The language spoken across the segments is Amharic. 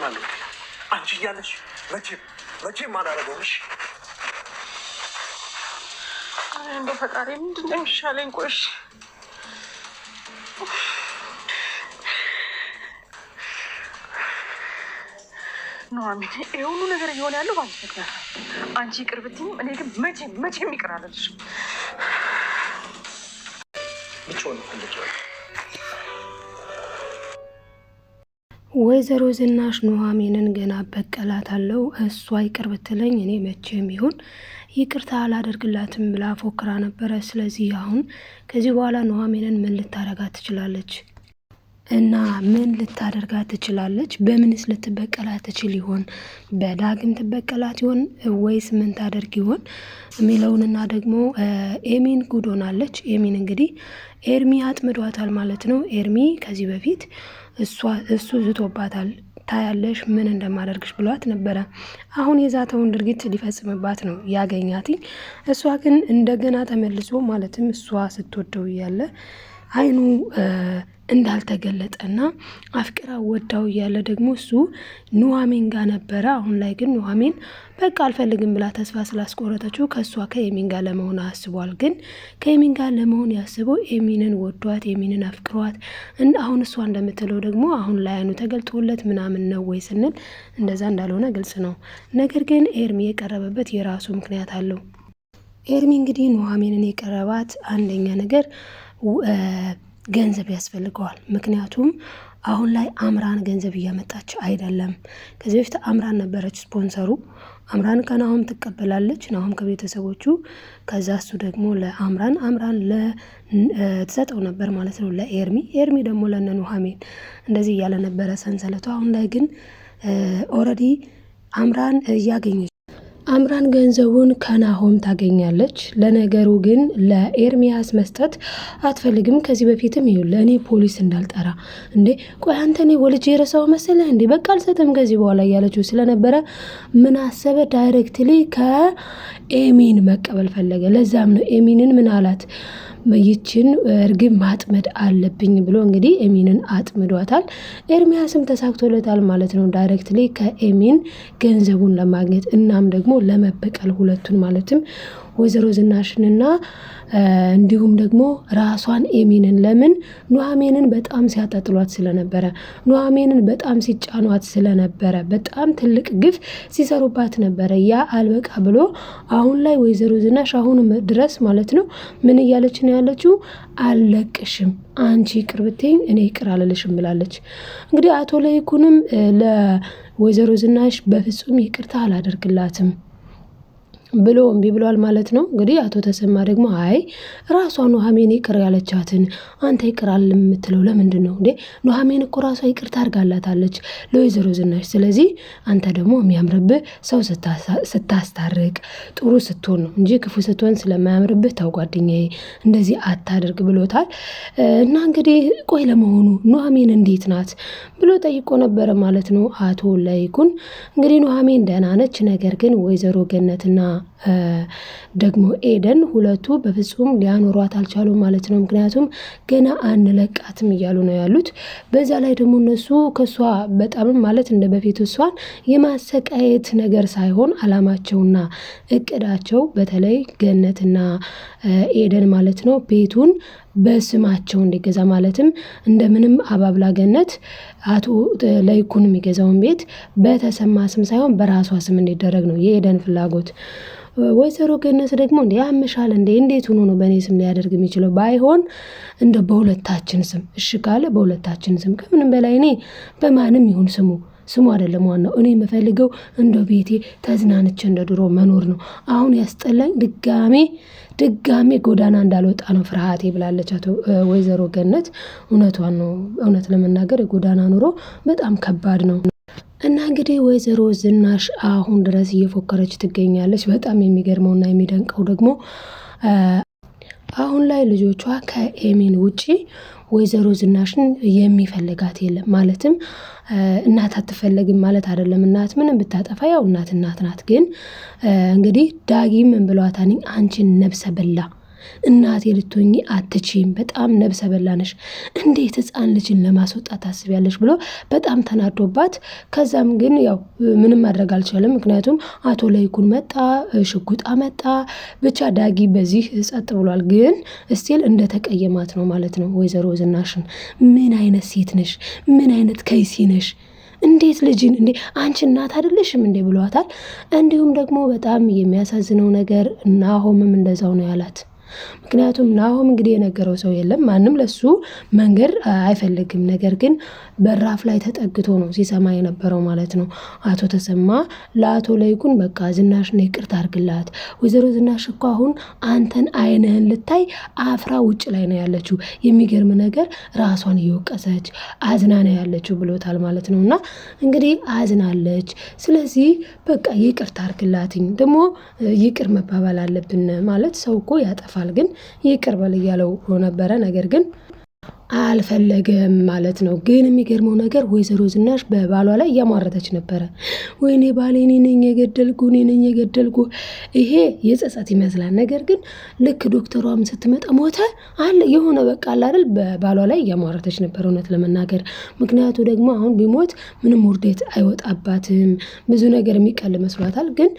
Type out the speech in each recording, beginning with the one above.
መሆን አለ። አንቺ እያለሽ መቼም መቼም አላረገውም። እንደ ፈጣሪ ምንድን ነው የሚሻለኝ? ቆይ ኑሐሚን ይሄ ሁሉ ነገር እየሆነ ያለው በአንቺ ምክንያት። አንቺ ይቅር ብትይኝም እኔ ግን መቼም መቼም ይቅር አለልሽም። ብቻውን ፈልግ ወይዘሮ ዝናሽ ኑሐሚንን ገና በቀላታለሁ። እሷ ይቅር ብትለኝ እኔ መቼም ይሁን ይቅርታ አላደርግላትም ብላ ፎክራ ነበረ። ስለዚህ አሁን ከዚህ በኋላ ኑሐሚንን ምን ልታረጋት ትችላለች? እና ምን ልታደርጋ ትችላለች? በምንስ ልትበቀላት ትችል ይሆን? በዳግም ትበቀላት ይሆን ወይስ ምን ታደርግ ይሆን የሚለውንና ደግሞ ኤሚን ጉድ ሆናለች። ኤሚን እንግዲህ ኤርሚ አጥምዷታል ማለት ነው። ኤርሚ ከዚህ በፊት እሱ ዝቶባታል ታያለሽ ምን እንደማደርግሽ ብሏት ነበረ። አሁን የዛተውን ድርጊት ሊፈጽምባት ነው ያገኛትኝ። እሷ ግን እንደገና ተመልሶ ማለትም እሷ ስትወደው እያለ አይኑ እንዳልተገለጠና አፍቅራ ወዳው እያለ ደግሞ እሱ ኑሐሚን ጋር ነበረ። አሁን ላይ ግን ኑሐሚን በቃ አልፈልግም ብላ ተስፋ ስላስቆረጠችው ከእሷ ከኤሚን ጋር ለመሆን አስቧል። ግን ከኤሚን ጋር ለመሆን ያስበው ኤሚንን ወዷት፣ ኤሚንን አፍቅሯት አሁን እሷ እንደምትለው ደግሞ አሁን ላይ አይኑ ተገልጦለት ምናምን ነው ወይ ስንል እንደዛ እንዳልሆነ ግልጽ ነው። ነገር ግን ኤርሚ የቀረበበት የራሱ ምክንያት አለው። ኤርሚ እንግዲህ ኑሐሚንን የቀረባት አንደኛ ነገር ገንዘብ ያስፈልገዋል። ምክንያቱም አሁን ላይ አምራን ገንዘብ እያመጣች አይደለም። ከዚህ በፊት አምራን ነበረች ስፖንሰሩ። አምራን ከናሆም ትቀበላለች፣ ናሆም ከቤተሰቦቹ። ከዛ እሱ ደግሞ ለአምራን፣ አምራን ትሰጠው ነበር ማለት ነው ለኤርሚ፣ ኤርሚ ደግሞ ለነ ኑሐሚን። እንደዚህ እያለ ነበረ ሰንሰለቱ። አሁን ላይ ግን ኦልሬዲ አምራን እያገኘች አምራን ገንዘቡን ከናሆም ታገኛለች። ለነገሩ ግን ለኤርሚያስ መስጠት አትፈልግም። ከዚህ በፊትም ይኸውልህ ለእኔ ፖሊስ እንዳልጠራ እንዴ፣ ቆይ አንተ እኔ ወልጄ የረሳው መሰለህ እንዴ? በቃ አልሰጥም ከዚህ በኋላ እያለችው ስለነበረ ምን አሰበ? ዳይሬክትሊ ከኤሚን መቀበል ፈለገ። ለዛም ነው ኤሚንን ምን አላት ይችን እርግብ ማጥመድ አለብኝ ብሎ እንግዲህ ኤሚንን አጥምዷታል። ኤርሚያስም ተሳክቶለታል ማለት ነው። ዳይሬክትሊ ከኤሚን ገንዘቡን ለማግኘት እናም ደግሞ ለመበቀል ሁለቱን ማለትም ወይዘሮ ዝናሽንና እንዲሁም ደግሞ ራሷን ኤሚንን ለምን ኑሐሚንን በጣም ሲያጣጥሏት ስለነበረ ኑሐሚንን በጣም ሲጫኗት ስለነበረ በጣም ትልቅ ግፍ ሲሰሩባት ነበረ። ያ አልበቃ ብሎ አሁን ላይ ወይዘሮ ዝናሽ አሁን ድረስ ማለት ነው ምን እያለች ነው ያለችው? አልለቅሽም አንቺ ይቅር ብትይኝ እኔ ይቅር አልልሽም ብላለች። እንግዲህ አቶ ለይኩንም ለወይዘሮ ዝናሽ በፍጹም ይቅርታ አላደርግላትም ብሎ እምቢ ብሏል ማለት ነው። እንግዲህ አቶ ተሰማ ደግሞ አይ ራሷ ኑሐሚን ይቅር ያለቻትን አንተ ይቅር የምትለው ለምንድን ነው እንዴ? ኑሐሚን እኮ ራሷ ይቅር ታርጋላታለች ለወይዘሮ ዝናሽ። ስለዚህ አንተ ደግሞ የሚያምርብህ ሰው ስታስታርቅ ጥሩ ስትሆን ነው እንጂ ክፉ ስትሆን ስለማያምርብህ ተው ጓደኛዬ፣ እንደዚህ አታድርግ ብሎታል። እና እንግዲህ ቆይ ለመሆኑ ኑሐሚን እንዴት ናት ብሎ ጠይቆ ነበረ ማለት ነው አቶ ለይኩን። እንግዲህ ኑሐሚን ደህና ነች፣ ነገር ግን ወይዘሮ ገነትና ደግሞ ኤደን ሁለቱ በፍጹም ሊያኖሯት አልቻሉም ማለት ነው። ምክንያቱም ገና አንለቃትም እያሉ ነው ያሉት። በዛ ላይ ደግሞ እነሱ ከሷ በጣምም ማለት እንደ በፊት እሷን የማሰቃየት ነገር ሳይሆን አላማቸውና እቅዳቸው በተለይ ገነትና ኤደን ማለት ነው ቤቱን በስማቸው እንዲገዛ ማለትም እንደምንም አባብላ ገነት አቶ ለይኩን የሚገዛውን ቤት በተሰማ ስም ሳይሆን በራሷ ስም እንዲደረግ ነው የኤደን ፍላጎት። ወይዘሮ ገነት ደግሞ እንዲ ያምሻል እንዴ እንዴት ሆኖ ነው በእኔ ስም ሊያደርግ የሚችለው? ባይሆን እንደ በሁለታችን ስም እሽ ካለ በሁለታችን ስም ከምንም በላይ እኔ በማንም ይሁን ስሙ ስሙ አይደለም ዋናው። እኔ የምፈልገው እንደ ቤቴ ተዝናንቼ እንደ ድሮ መኖር ነው። አሁን ያስጠላኝ ድጋሜ ድጋሜ ጎዳና እንዳልወጣ ነው ፍርሃቴ ብላለች አቶ ወይዘሮ ገነት። እውነቷን ነው። እውነት ለመናገር የጎዳና ኑሮ በጣም ከባድ ነው። እና እንግዲህ ወይዘሮ ዝናሽ አሁን ድረስ እየፎከረች ትገኛለች። በጣም የሚገርመውና የሚደንቀው ደግሞ አሁን ላይ ልጆቿ ከኤሚን ውጪ ወይዘሮ ዝናሽን የሚፈልጋት የለም። ማለትም እናት አትፈለግም ማለት አይደለም። እናት ምንም ብታጠፋ ያው እናት እናት ናት። ግን እንግዲህ ዳጊ ምን ብሏታኒ አንቺን ነብሰ በላ እናቴ ልትሆኚ አትችይም፣ በጣም ነብሰ በላነሽ፣ እንዴት ህፃን ልጅን ለማስወጣት ታስቢያለሽ ብሎ በጣም ተናዶባት፣ ከዛም ግን ያው ምንም ማድረግ አልቻለም። ምክንያቱም አቶ ለይኩን መጣ፣ ሽጉጣ መጣ ብቻ ዳጊ በዚህ ጸጥ ብሏል። ግን እስቴል እንደተቀየማት ነው ማለት ነው ወይዘሮ ዝናሽን። ምን አይነት ሴት ነሽ? ምን አይነት ከይሲ ነሽ? እንዴት ልጅን እንዴ አንቺ እናት አይደለሽም እንዴ ብሏታል። እንዲሁም ደግሞ በጣም የሚያሳዝነው ነገር ናሆምም እንደዛው ነው ያላት። ምክንያቱም ናሆም እንግዲህ የነገረው ሰው የለም፣ ማንም ለሱ መንገድ አይፈልግም። ነገር ግን በራፍ ላይ ተጠግቶ ነው ሲሰማ የነበረው ማለት ነው። አቶ ተሰማ ለአቶ ለይኩን በቃ ዝናሽን ይቅርታ አርግላት ወይዘሮ ዝናሽ እኮ አሁን አንተን አይንህን ልታይ አፍራ ውጭ ላይ ነው ያለችው፣ የሚገርም ነገር ራሷን እየወቀሰች አዝና ነው ያለችው ብሎታል ማለት ነው። እና እንግዲህ አዝናለች፣ ስለዚህ በቃ ይቅርታ አርግላትኝ። ደግሞ ይቅር መባባል አለብን ማለት ሰው እኮ ያጠፋል ደርሷል፣ ግን ይቅር በል እያለው ነበረ። ነገር ግን አልፈለገም ማለት ነው። ግን የሚገርመው ነገር ወይዘሮ ዝናሽ በባሏ ላይ እያሟረተች ነበረ። ወይኔ ባሌ እኔ ነኝ የገደልኩ እኔ ነኝ የገደልኩ። ይሄ የጸጸት ይመስላል። ነገር ግን ልክ ዶክተሯም ስትመጣ ሞተ አለ የሆነ በቃ አለ በባሏ ላይ እያሟረተች ነበር፣ እውነት ለመናገር ምክንያቱ ደግሞ አሁን ቢሞት ምንም ውርደት አይወጣባትም። ብዙ ነገር የሚቀል መስሏታል ግን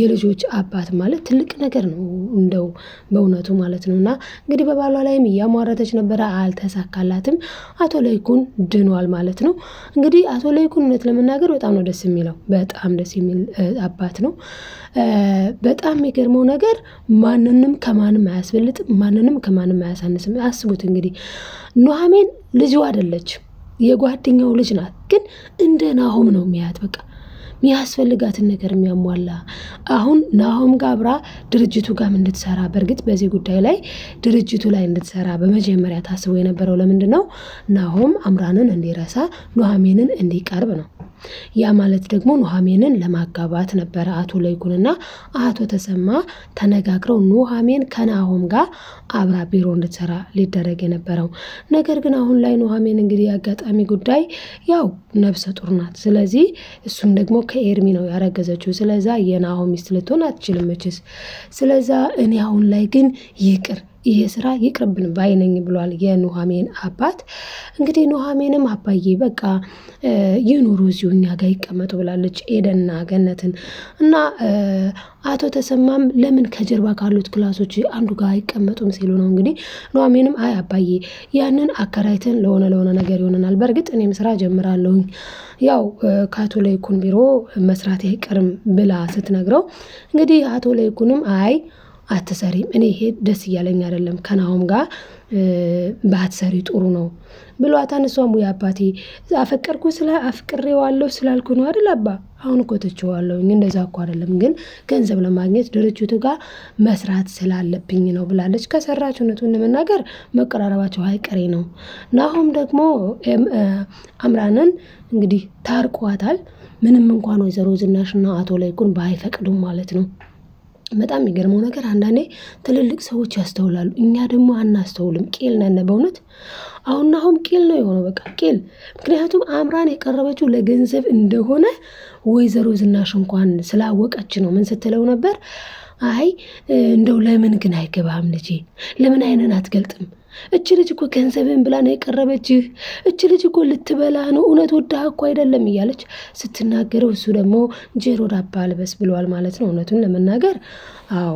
የልጆች አባት ማለት ትልቅ ነገር ነው እንደው በእውነቱ ማለት ነው። እና እንግዲህ በባሏ ላይም እያሟረተች ነበረ፣ አልተሳካላትም። አቶ ለይኩን ድኗል ማለት ነው። እንግዲህ አቶ ለይኩን እውነት ለመናገር በጣም ነው ደስ የሚለው፣ በጣም ደስ የሚል አባት ነው። በጣም የሚገርመው ነገር ማንንም ከማንም አያስበልጥም፣ ማንንም ከማንም አያሳንስም። አስቡት እንግዲህ ኑሐሚን ልጅ አይደለች የጓደኛው ልጅ ናት፣ ግን እንደ ናሆም ነው የሚያያት በቃ የሚያስፈልጋትን ነገር የሚያሟላ አሁን ናሆም ጋር አብራ ድርጅቱ ጋር እንድትሰራ በእርግጥ በዚህ ጉዳይ ላይ ድርጅቱ ላይ እንድትሰራ በመጀመሪያ ታስቦ የነበረው ለምንድን ነው? ናሆም አምራንን እንዲረሳ ኑሐሚንን እንዲቀርብ ነው። ያ ማለት ደግሞ ኑሐሜንን ለማጋባት ነበረ። አቶ ለይኩንና አቶ ተሰማ ተነጋግረው ኑሐሜን ከናሆም ጋር አብራ ቢሮ እንድትሰራ ሊደረግ የነበረው ነገር ግን አሁን ላይ ኑሐሜን እንግዲህ የአጋጣሚ ጉዳይ ያው ነፍሰ ጡር ናት። ስለዚህ እሱም ደግሞ ከኤርሚ ነው ያረገዘችው። ስለዛ የናሆም ሚስት ልትሆን አትችልም ስለዛ እኔ አሁን ላይ ግን ይቅር ይሄ ስራ ይቅርብን ባይነኝ ብሏል የኑሐሜን አባት። እንግዲህ ኑሐሜንም አባዬ በቃ ይኑሩ እዚሁ እኛ ጋር ይቀመጡ ብላለች ኤደንና ገነትን እና አቶ ተሰማም ለምን ከጀርባ ካሉት ክላሶች አንዱ ጋር አይቀመጡም ሲሉ ነው እንግዲህ ኑሐሜንም አይ አባዬ ያንን አከራይተን ለሆነ ለሆነ ነገር ይሆነናል። በእርግጥ እኔም ስራ ጀምራለሁኝ ያው ከአቶ ለይኩን ቢሮ መስራት አይቀርም ብላ ስትነግረው እንግዲህ አቶ ለይኩንም አይ አትሰሪም፣ እኔ ይሄ ደስ እያለኝ አይደለም፣ ከናሆም ጋር ባትሰሪ ጥሩ ነው ብሏታን። እሷም ወይ አባቴ አፈቀርኩ ስለ አፍቅሬዋለሁ ስላልኩ ነው አይደል አባ፣ አሁን እኮ ትችዋለሁኝ፣ እንደዛ እኮ አይደለም፣ ግን ገንዘብ ለማግኘት ድርጅቱ ጋር መስራት ስላለብኝ ነው ብላለች። ከሰራች እውነቱን ለመናገር መቀራረባቸው አይቀሬ ነው። ናሆም ደግሞ አምራንን እንግዲህ ታርቋታል። ምንም እንኳን ወይዘሮ ዝናሽና አቶ ላይኩን ባይፈቅዱም ማለት ነው በጣም የሚገርመው ነገር አንዳንዴ ትልልቅ ሰዎች ያስተውላሉ፣ እኛ ደግሞ አናስተውልም። ቄል ነን በእውነት አሁን አሁን ቄል ነው የሆነው፣ በቃ ቄል። ምክንያቱም አምራን የቀረበችው ለገንዘብ እንደሆነ ወይዘሮ ዝናሽ እንኳን ስላወቀች ነው። ምን ስትለው ነበር? አይ እንደው ለምን ግን አይገባም ልጄ፣ ለምን አይንን አትገልጥም እች ልጅ እኮ ገንዘብን ብላ ነው የቀረበችህ። እች ልጅ እኮ ልትበላ ነው፣ እውነት ወዳህ እኮ አይደለም እያለች ስትናገረው እሱ ደግሞ ጆሮ ዳባ አልበስ ብለዋል ማለት ነው። እውነቱን ለመናገር አዎ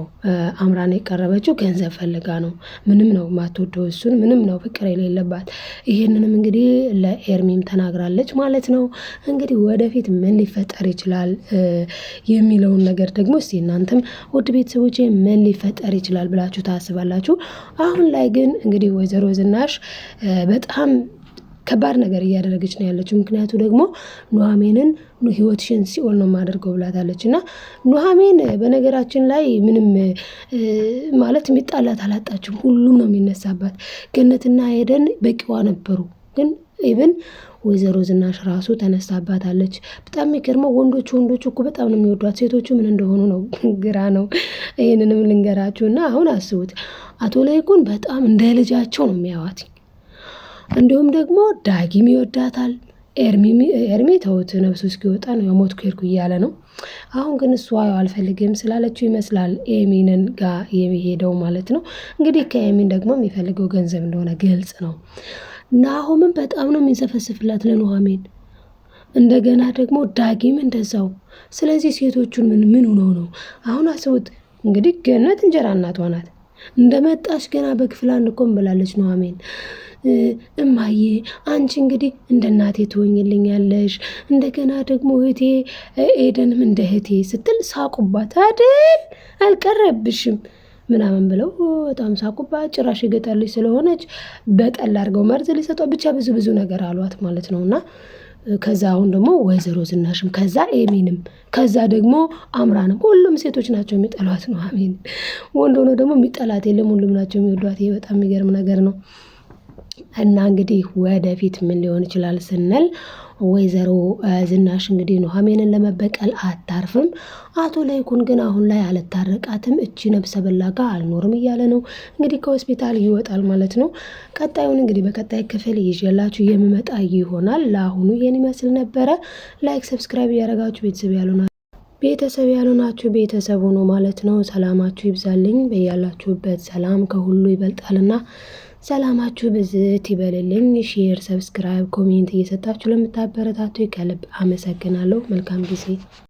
አምራን የቀረበችው ገንዘብ ፈልጋ ነው። ምንም ነው ማትወደው እሱን፣ ምንም ነው ፍቅር የሌለባት። ይህንንም እንግዲህ ለኤርሚም ተናግራለች ማለት ነው። እንግዲህ ወደፊት ምን ሊፈጠር ይችላል የሚለውን ነገር ደግሞ እስቲ እናንተም ውድ ቤተሰቦቼ ምን ሊፈጠር ይችላል ብላችሁ ታስባላችሁ? አሁን ላይ ግን እንግዲህ እንግዲህ ወይዘሮ ዝናሽ በጣም ከባድ ነገር እያደረገች ነው ያለችው። ምክንያቱ ደግሞ ኑሐሚንን ህይወትሽን ሲኦል ነው የማደርገው ብላታለች። እና ኑሐሚን በነገራችን ላይ ምንም ማለት የሚጣላት አላጣችም። ሁሉም ነው የሚነሳባት። ገነትና ሄደን በቂዋ ነበሩ ግን ኢብን ወይዘሮ ዝናሽ ራሱ ተነስታባታለች። በጣም የሚገርመው ወንዶቹ ወንዶቹ እኮ በጣም ነው የሚወዷት፣ ሴቶቹ ምን እንደሆኑ ነው ግራ ነው። ይህንንም ልንገራችሁ እና አሁን አስቡት አቶ ላይኩን በጣም እንደ ልጃቸው ነው የሚያዋት። እንዲሁም ደግሞ ዳጊም ይወዳታል። ኤርሚ ተውት ነብሱ እስኪወጣ ነው የሞት ሄድኩ እያለ ነው። አሁን ግን እሷ አልፈልግም ስላለችው ይመስላል ኤሚንን ጋር የሚሄደው ማለት ነው። እንግዲህ ከኤሚን ደግሞ የሚፈልገው ገንዘብ እንደሆነ ግልጽ ነው። ናሆምን በጣም ነው የሚንሰፈስፍላት ለኑሐሚን። እንደገና ደግሞ ዳጊም እንደዛው። ስለዚህ ሴቶቹን ምን ምን ሆነው ነው አሁን አስቡት እንግዲህ ገነት እንጀራ እናቷ ናት። እንደመጣሽ ገና በክፍል አንድ እኮ ብላለች ኑሐሚን እማዬ አንቺ እንግዲህ እንደ እናቴ ትሆኝልኛለሽ፣ እንደገና ደግሞ እህቴ ኤደንም እንደ እህቴ ስትል ሳቁባት አይደል? አልቀረብሽም ምናምን ብለው በጣም ሳቁባት። ጭራሽ የገጠር ልጅ ስለሆነች በጠል አድርገው መርዝ ሊሰጧ ብቻ ብዙ ብዙ ነገር አሏት ማለት ነው እና ከዛ አሁን ደግሞ ወይዘሮ ዝናሽም ከዛ ኤሚንም ከዛ ደግሞ አምራንም ሁሉም ሴቶች ናቸው የሚጠሏት ነው። አሜን ወንድ ሆኖ ደግሞ የሚጠላት የለም። ሁሉም ናቸው የሚወዷት። ይሄ በጣም የሚገርም ነገር ነው። እና እንግዲህ ወደፊት ምን ሊሆን ይችላል ስንል ወይዘሮ ዝናሽ እንግዲህ ኑሐሚንን ለመበቀል አታርፍም። አቶ ለይኩን ግን አሁን ላይ አልታረቃትም፣ እቺ ነብሰ በላ ጋር አልኖርም እያለ ነው እንግዲህ ከሆስፒታል ይወጣል ማለት ነው። ቀጣዩን እንግዲህ በቀጣይ ክፍል ይዤላችሁ የምመጣ ይሆናል። ለአሁኑ ይህን ይመስል ነበረ። ላይክ ሰብስክራይብ እያደረጋችሁ ቤተሰብ ያሉና ቤተሰብ ያልሆናችሁ ቤተሰብ ሆኖ ማለት ነው። ሰላማችሁ ይብዛልኝ። በያላችሁበት ሰላም ከሁሉ ይበልጣልና ሰላማችሁ ብዝት ይበልልኝ። ሼር፣ ሰብስክራይብ፣ ኮሜንት እየሰጣችሁ ለምታበረታቱ ከልብ አመሰግናለሁ። መልካም ጊዜ